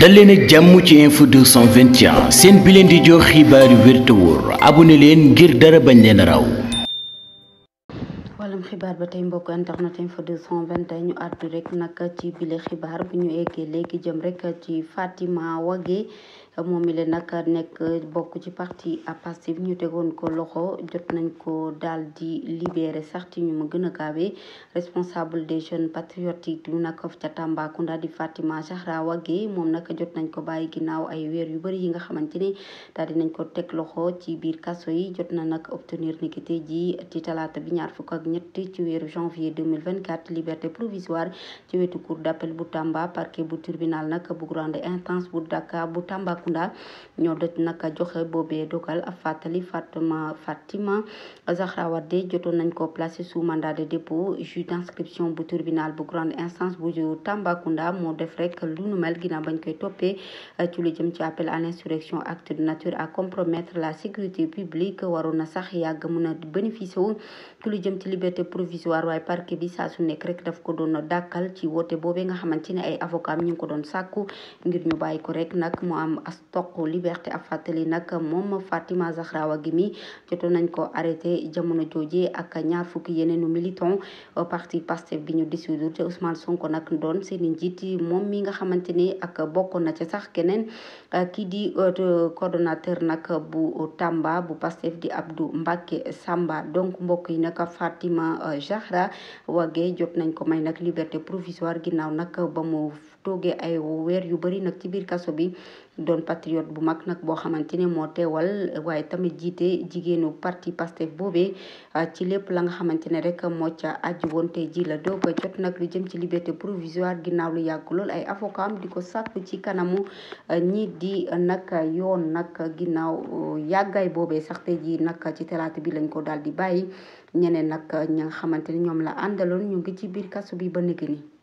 dal leen ak jàmm ci info seen bi leen di jox xibaar yu wér te wóor leen ngir dara bañ leen raw. wàllum xibaar ba tey mbokk internet info 221 ñu àddu rek nag ci bile xibaar bu ñu eggee léegi jëm rek ci Fatima Wague. moom mi leen nag nekk bokk ci parti Pastef ñu tegoon ko loxo jot nañ ko daal di libéré sax ci ñu mu gën a gaawee responsable des jeunes patriotiques yu nag ca Tambacounda di Fatima Zahra Wagué moom nag jot nañ ko bàyyi ginnaaw ay weer yu bëri yi nga xamante ne daal di nañ ko teg loxo ci biir kaso yi jot na nag obtenir niki tey jii ci talaata bi ñaar fukk ak ñett ci weeru janvier 2024 liberté provisoire ci wetu cour d'appel bu Tamba parquet bu tribunal nag bu grande instance bu Dakar bu Tambacounda Tambacounda ñoo doj nag joxe boobee dogal ab fàttali Fatima Fatima Zahra Wade jotoon nañ ko placé sous mandat de dépôt juge d'instruction bu tribunal bu grande instance bu Tambacounda moo def rek lu nu mel ginnaaw bañ koy toppee ci lu jëm ci appel à l'insurrection acte de nature à compromettre la sécurité publique waroon na sax yàgg mun a bénéficier wu ci lu jëm ci liberté provisoire waaye parquet bi saa su nekk rek daf ko doon dàkkal ci woote boobee nga xamante ne ay avocat ñu ko doon sàkku toq liberté a fàttali nag moom Fatima Zahra mi jotoon nañ ko arrêté jamono jooje ak ñaar fukki yeneenu militant euh, parti Pastef bi ñu dissoudre te Ousmane Sonko nag doon seeni njiit moom mi nga xamante ni ak bokkoon na ci sax keneen euh, kii di euh, coordonnateur nag bu Tamba bu Pastef di Abdou Mbacké Samba donc mbokk yi nag Fatima Zahra Wagé jot nañ ko may nag liberté provisoire ginnaaw nag ba mu toogee ay weer yu bari nag ci biir kaso bi patriote bu mag nag boo xamante ne moo teewal waaye tamit jiite jigéenu parti Pastef boobee ah, ci lépp la nga xamante ne rek moo ca aju woon tey ji la doog a jot nag lu jëm ci liberté provisoire ginnaaw lu yàgg lool ay avocat di ko sàkku ci kanamu ah, ñiit di nag yoon nag ginnaaw uh, yàggaay boobee sax tey ji nag ci talaata bi lañ ko daal di bàyyi ñeneen nag ña nga xamante ne ñoom la àndaloon ñu ngi ci biir kaso bi ba nëgë ni